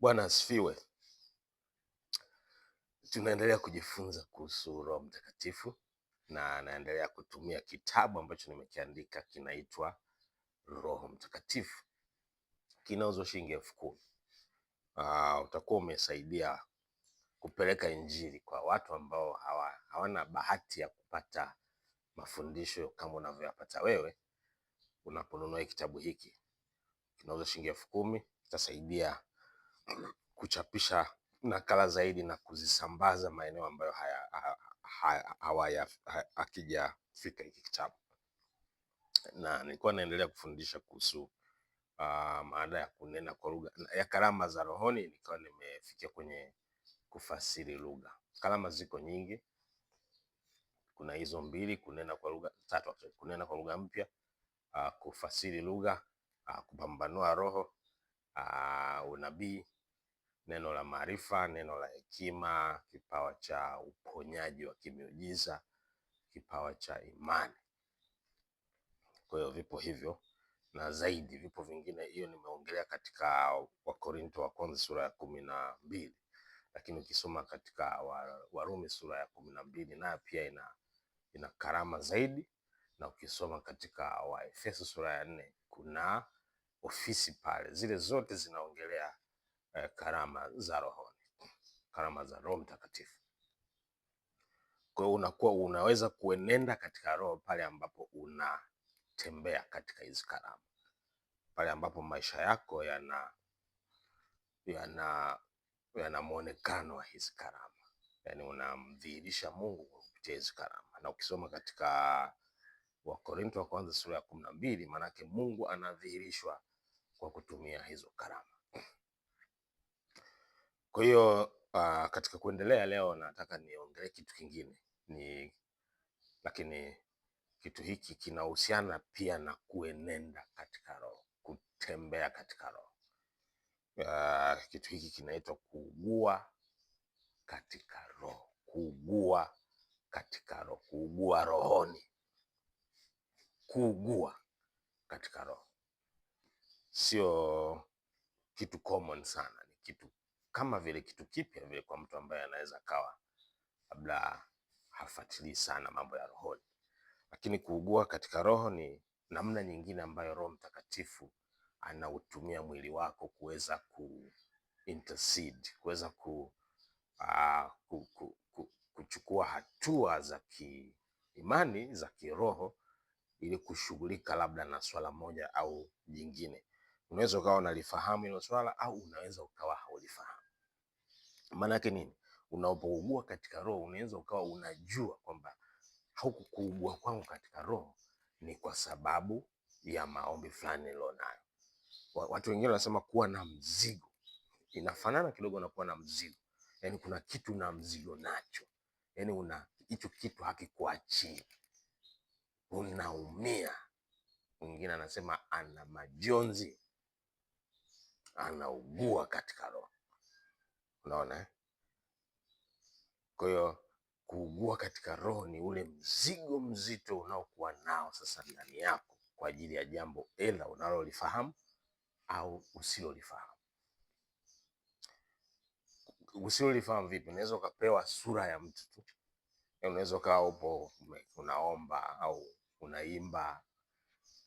Bwana asifiwe. Tunaendelea kujifunza kuhusu Roho Mtakatifu na naendelea kutumia kitabu ambacho nimekiandika kinaitwa Roho Mtakatifu, kinauzwa shilingi elfu kumi. Uh, utakuwa umesaidia kupeleka injili kwa watu ambao hawa, hawana bahati ya kupata mafundisho kama unavyoyapata wewe unaponunua kitabu hiki. Kinauzwa shilingi elfu kumi, kitasaidia kuchapisha nakala zaidi na kuzisambaza maeneo ambayo hakijafika hiki kitabu, na nilikuwa naendelea kufundisha kuhusu Uh, maana ya kunena kwa lugha ya karama za rohoni, nikawa nimefikia kwenye kufasiri lugha. Karama ziko nyingi, kuna hizo mbili, kunena kwa lugha tatu, kunena kwa lugha mpya, uh, kufasiri lugha, uh, kupambanua roho, uh, unabii neno la maarifa, neno la hekima, kipawa cha uponyaji wa kimiujiza, kipawa cha imani. Kwa hiyo vipo hivyo na zaidi vipo vingine, hiyo nimeongelea katika Wakorinto wa kwanza sura ya kumi na mbili, lakini ukisoma katika Warumi sura ya kumi na mbili nayo pia ina, ina karama zaidi, na ukisoma katika Waefeso sura ya nne kuna ofisi pale, zile zote zinaongelea Eh, karama za rohoni, karama za Roho Mtakatifu. Kwa hiyo unakuwa unaweza kuenenda katika roho pale ambapo unatembea katika hizi karama, pale ambapo maisha yako yana yana yana mwonekano wa hizi karama, yaani unamdhihirisha Mungu kwa kupitia hizi karama. Na ukisoma katika Wakorintho wa kwanza sura ya kumi na mbili, maanake Mungu anadhihirishwa kwa kutumia hizo karama. Kwa hiyo uh, katika kuendelea leo nataka niongelee kitu kingine ni lakini kitu hiki kinahusiana pia na kuenenda katika Roho, kutembea katika Roho. Uh, kitu hiki kinaitwa kuugua katika Roho, kuugua katika Roho, kuugua rohoni, kuugua katika Roho sio kitu common sana, ni kitu kama vile kitu kipya vile kwa mtu ambaye anaweza kawa labda hafuatilii sana mambo ya rohoni. Lakini kuugua katika roho ni namna nyingine ambayo Roho Mtakatifu anautumia mwili wako kuweza ku intercede, kuweza ku, uh, ku, ku, ku, kuchukua hatua za kiimani za kiroho ili kushughulika labda na swala moja au jingine. Unaweza ukawa unalifahamu hilo swala au unaweza ukawa haulifahamu. Maana yake nini? Unapougua katika roho, unaweza ukawa unajua kwamba huku kuugua kwangu katika roho ni kwa sababu ya maombi fulani nilionayo. Watu wengine wanasema kuwa na mzigo, inafanana kidogo na kuwa na mzigo, yaani kuna kitu na mzigo nacho, yaani una hicho kitu hakikuachii, unaumia. Mwingine anasema ana majonzi, anaugua katika roho. Unaona, eh? kwa hiyo kuugua katika roho ni ule mzigo mzito unaokuwa nao sasa ndani yako kwa ajili ya jambo ela unalolifahamu au usilolifahamu. Usilolifahamu vipi? Unaweza ukapewa sura ya mtu tu, unaweza ukawa upo unaomba au unaimba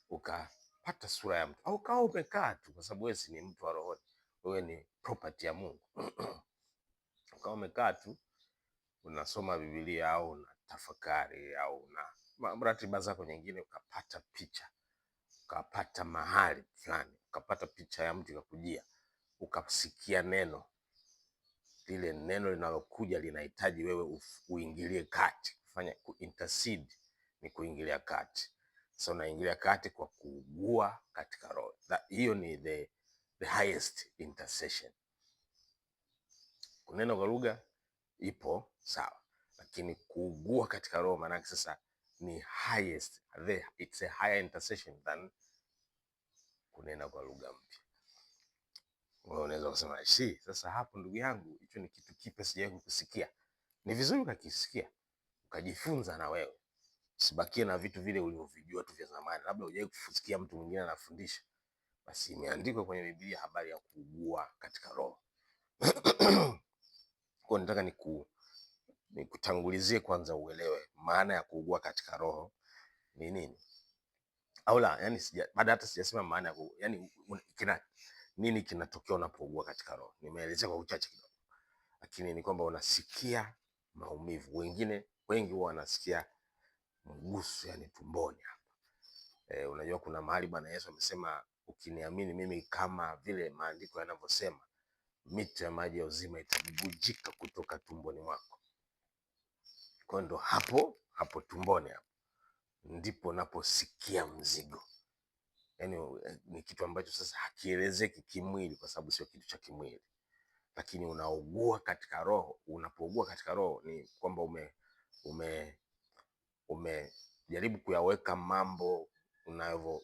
ukapata sura ya mtu, au ukawa umekaa tu, kwa sababu wewe si ni mtu wa rohoni, wewe ni property ya Mungu ukawa umekaa tu unasoma Biblia au unatafakari au una ratiba zako nyingine, ukapata picha, ukapata mahali fulani, ukapata picha ya mtu kujia ukasikia neno lile. Neno linalokuja linahitaji wewe uingilie kati, kufanya intercede ni kuingilia kati. So unaingilia kati kwa kuugua katika roho. Hiyo ni the, the highest intercession kunena kwa lugha ipo sawa, lakini kuugua katika roho maanake sasa ni highest the, it's a higher intercession than kunena kwa lugha mpya. Wewe unaweza kusema shi, sasa hapo ndugu yangu, hicho ni kitu kipya, sijawahi kukusikia. Ni vizuri ukakisikia ukajifunza na wewe, usibakie na vitu vile ulivyovijua tu vya zamani, labda hujawahi kusikia mtu mwingine anafundisha. Basi imeandikwa kwenye Biblia habari ya kuugua katika roho Kwa nataka ni, niku nikutangulizie kwanza uelewe maana ya kuugua katika roho ni nini au la, yani sija baada hata sijasema maana ya kuugua, yani kina nini kinatokea unapougua katika roho. Nimeelezea kwa uchache kidogo, lakini ni kwamba unasikia maumivu. Wengine wengi huwa wanasikia mguso, yani tumboni hapa. E, unajua kuna mahali Bwana Yesu amesema ukiniamini mimi kama vile maandiko yanavyosema mito ya maji ya uzima itabubujika kutoka tumboni mwako. Kwa ndo hapo hapo tumboni, hapo ndipo unaposikia mzigo. Yaani eh, ni kitu ambacho sasa hakielezeki kimwili, kwa sababu sio kitu cha kimwili, lakini unaugua katika roho. Unapougua katika roho ni kwamba ume ume umejaribu kuyaweka mambo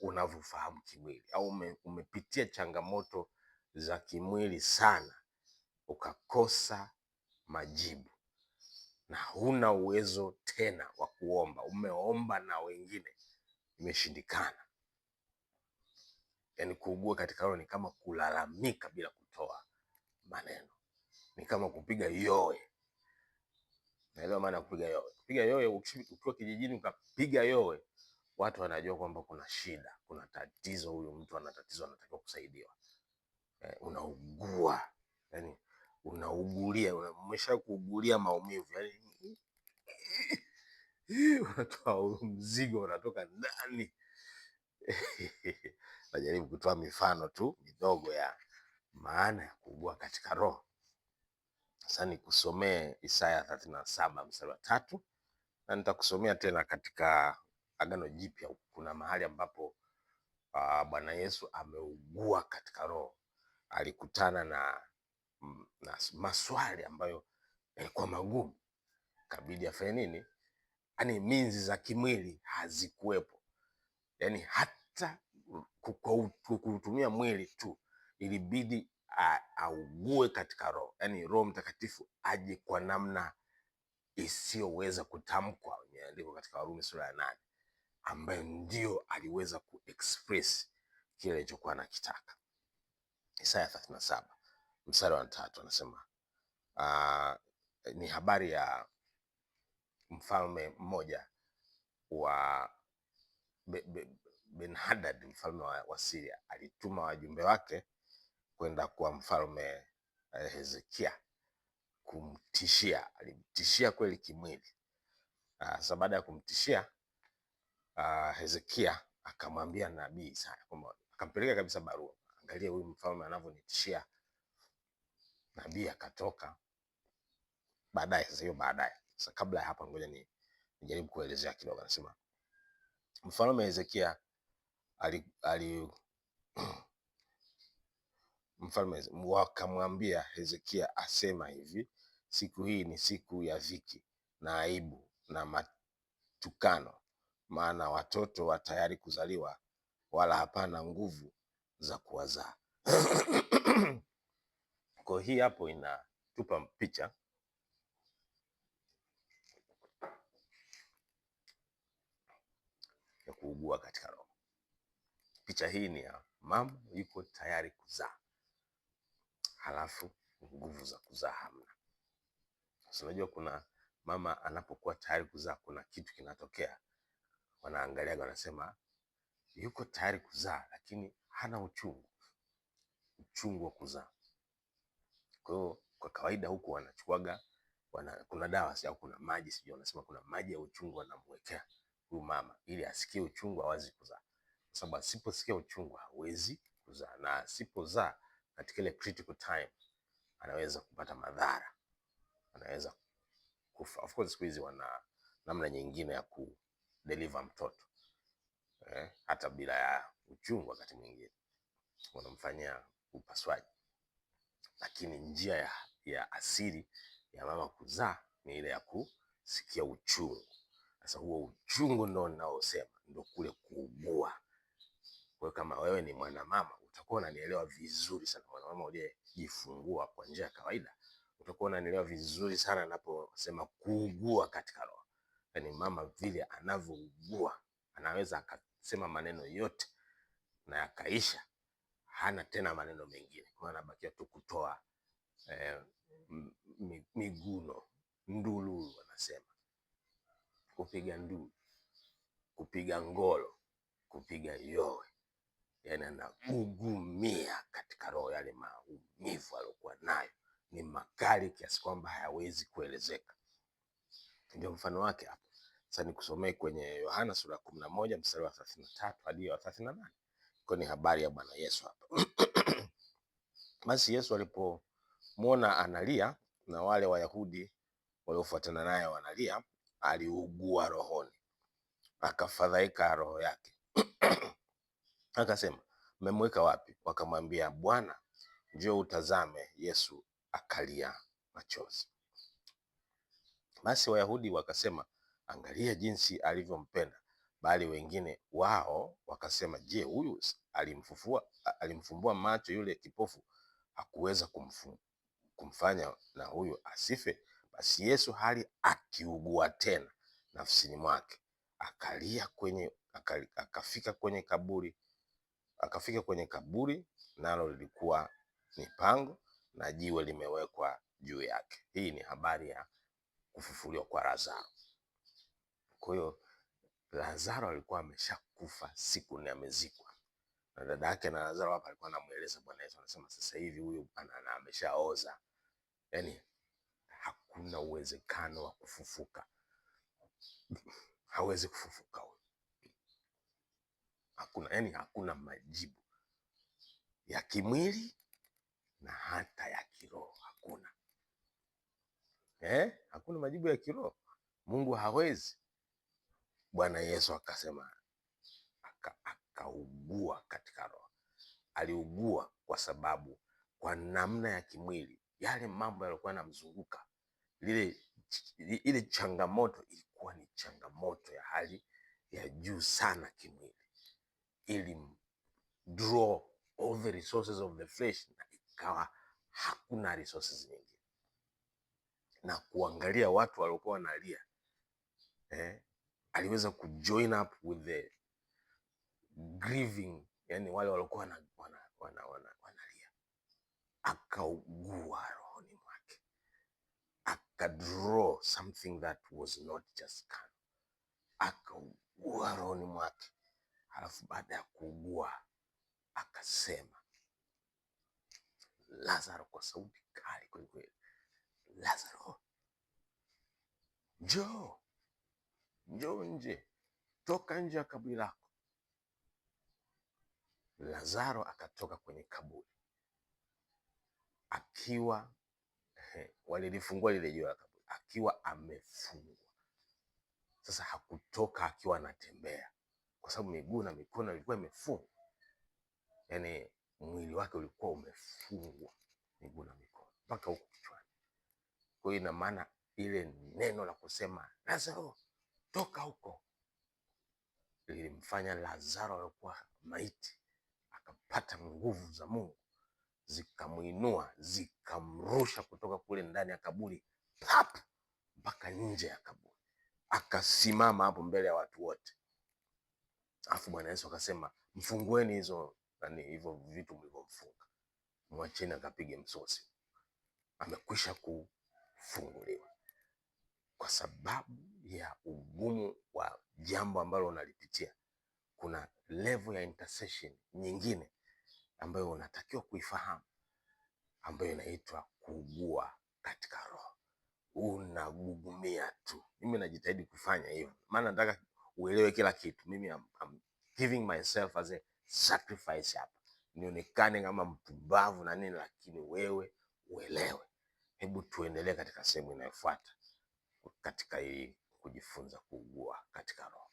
unavyofahamu kimwili, au ume, umepitia changamoto za kimwili sana ukakosa majibu na huna uwezo tena wa kuomba, umeomba na wengine imeshindikana. yani kuugua katika roho ni kama kulalamika bila kutoa maneno, ni kama kupiga yowe. Naelewa maana ya kupiga yowe? Kupiga yowe, ukiwa kijijini ukapiga yowe, watu wanajua kwamba kuna shida, kuna tatizo, huyu mtu ana tatizo, anatakiwa kusaidiwa eh, unaugua yani unaugulia umesha kuugulia maumivu yani unatoa mzigo unatoka ndani. Najaribu kutoa mifano tu midogo ya maana ya kuugua katika roho. Sasa nikusomee Isaya thelathini na saba mstari wa tatu na nitakusomea tena katika Agano Jipya. Kuna mahali ambapo uh, Bwana Yesu ameugua katika roho alikutana na, mm, na maswali ambayo yalikuwa magumu, kabidi afanye nini? Yani minzi za kimwili hazikuwepo, yani hata kutumia mwili tu ilibidi augue katika roho, yani Roho Mtakatifu aje kwa namna isiyoweza kutamkwa, imeandikwa katika Warumi sura ya nane, ambayo ndio aliweza kuexpress kile alichokuwa anakitaka. Isaya 37 mstari wa tatu anasema uh, ni habari ya mfalme mmoja wa be, be, Hadad mfalme wa, wa Syria alituma wajumbe wake kwenda kwa mfalme uh, Hezekia kumtishia. Alimtishia kweli kimwili. Ah, sasa baada ya kumtishia uh, Hezekia akamwambia nabii Isaya kwamba akampeleka kabisa barua angalia huyu mfalme anavyonitishia. Nabii akatoka baadaye. Sasa hiyo baadaye, sasa kabla ya hapa, ngoja ni nijaribu kuelezea kidogo. Anasema mfalme Hezekia ali, ali mfalme wakamwambia Hezekia asema hivi, siku hii ni siku ya dhiki na aibu na matukano, maana watoto wa tayari kuzaliwa, wala hapana nguvu za kuwazaa kwa hii hapo inatupa picha ya kuugua katika roho. Picha hii ni ya mama yuko tayari kuzaa, halafu nguvu za kuzaa hamna. unajua kuna mama anapokuwa tayari kuzaa, kuna kitu kinatokea, wanaangalia wanasema yuko tayari kuzaa lakini hana uchungu, uchungu wa kuzaa. Kwa hiyo kwa kawaida huku wanachukuaga wana, kuna dawa au kuna maji sijui wanasema kuna maji ya uchungu wanamwekea huyu mama ili asikie uchungu awazi kuzaa, kwa sababu asiposikia uchungu hawezi kuzaa, na asipozaa katika ile critical time anaweza kupata madhara, anaweza kufa. Of course siku hizi wana namna nyingine ya ku deliver mtoto eh, hata bila ya uchungu wakati mwingine wanamfanyia upasuaji, lakini njia ya, ya asili ya mama kuzaa ni ile ya kusikia uchungu. Sasa huo uchungu ndo ninaosema ndo kule kuugua. Kwa kama wewe ni mwanamama utakuwa unanielewa vizuri sana. Mwanamama uliyejifungua kwa njia ya kawaida utakuwa unanielewa vizuri sana naposema kuugua katika roho, yaani mama vile anavyougua anaweza akasema maneno yote na yakaisha, hana tena maneno mengine, kwa anabakia tu kutoa eh, miguno ndululu, wanasema kupiga ndulu, kupiga ngolo, kupiga yowe, yani anagugumia katika roho. Yale maumivu aliyokuwa nayo ni makali kiasi kwamba hayawezi kuelezeka. Ndio mfano wake hapo. Sasa nikusomee kwenye Yohana sura ya kumi na moja mstari wa thelathini na tatu hadi wa thelathini na nane. Kwa ni habari ya Bwana Yesu hapa. Basi Yesu alipomwona analia na wale Wayahudi waliofuatana naye wanalia, aliugua rohoni, akafadhaika roho yake akasema, mmemweka wapi? Wakamwambia, Bwana, njoo utazame. Yesu akalia machozi. Basi Wayahudi wakasema, angalia jinsi alivyompenda, Bali wengine wao wakasema, je, huyu alimfufua alimfumbua macho yule kipofu, hakuweza kumfu, kumfanya na huyu asife? Basi Yesu hali akiugua tena nafsini mwake akalia kwenye akali, akafika kwenye kaburi akafika kwenye kaburi, nalo lilikuwa ni pango na jiwe limewekwa juu yake. Hii ni habari ya kufufuliwa kwa Lazaro. Kwa hiyo Lazaro alikuwa ameshakufa siku ni amezikwa. Na dada yake na Lazaro hapa alikuwa anamueleza Bwana Yesu, anasema sasa hivi huyu ana ameshaoza. Yaani hakuna uwezekano wa kufufuka. Hawezi kufufuka huyu. Hakuna, yani hakuna majibu ya kimwili na hata ya kiroho hakuna. Eh? Hakuna majibu ya kiroho. Mungu hawezi Bwana Yesu akasema akaugua aka katika roho, aliugua kwa sababu kwa namna ya kimwili yale mambo yalikuwa yanamzunguka lile ile changamoto ilikuwa ni changamoto ya hali ya juu sana kimwili, ili draw all the resources of the flesh, na ikawa hakuna resources nyingine, na kuangalia watu waliokuwa wanalia eh, aliweza kujoin up with the grieving, yani wale waliokuwa wanalia wana, wana, wana, wana akaugua rohoni mwake akadraw something that was not just can, akaugua rohoni mwake. Halafu baada ya kuugua akasema, Lazaro, kwa sauti kali kwelikweli, Lazaro njoo njoo nje, toka nje ya kaburi lako. Lazaro akatoka kwenye kaburi akiwa he, walilifungua lile jiwe la kaburi akiwa amefungwa. Sasa hakutoka akiwa anatembea, kwa sababu miguu na mikono ilikuwa imefungwa, yaani mwili wake ulikuwa umefungwa miguu na mikono mpaka huko kichwani. Kwa hiyo ina maana ile neno la kusema Lazaro toka huko, ilimfanya Lazaro aliokuwa maiti akapata nguvu za Mungu, zikamwinua zikamrusha kutoka kule ndani ya kaburi pap mpaka nje ya kaburi, akasimama hapo mbele ya watu wote. Alafu Bwana Yesu akasema, mfungueni hizo nani, hivyo vitu mlivyomfunga, mwacheni akapige msosi. Amekwisha kufunguliwa kwa sababu ya ugumu wa jambo ambalo unalipitia, kuna level ya intercession nyingine ambayo unatakiwa kuifahamu, ambayo inaitwa kuugua katika roho. Unagugumia tu. Mimi najitahidi kufanya hivyo, maana nataka uelewe kila kitu. Mimi am, am giving myself as a sacrifice hapa, nionekane kama mpumbavu na nini, lakini wewe uelewe. Hebu tuendelee katika sehemu inayofuata katika hii kujifunza kuugua katika roho.